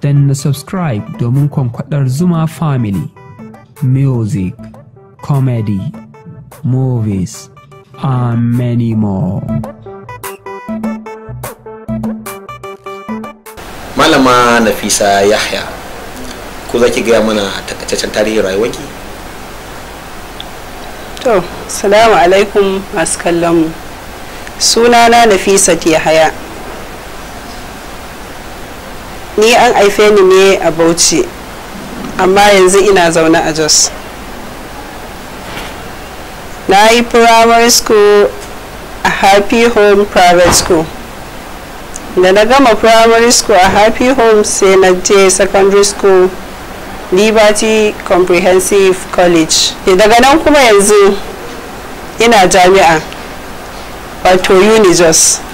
Dan na subscribe domin kwankwadar Zuma Family. Music, comedy, movies, and many more. Malama Nafisa Yahya, ko za ki gaya mana takaitaccen tarihin rayuwarki? To, salamu alaikum masu kallon mu. Sunana Nafisa Yahya. ni an haife ni ne a bauchi amma yanzu ina zaune a jos na yi primary school a happy home private school da na gama primary school a happy home sai na je secondary school liberty comprehensive college Da eh, daga nan kuma yanzu ina jami'a wato unijos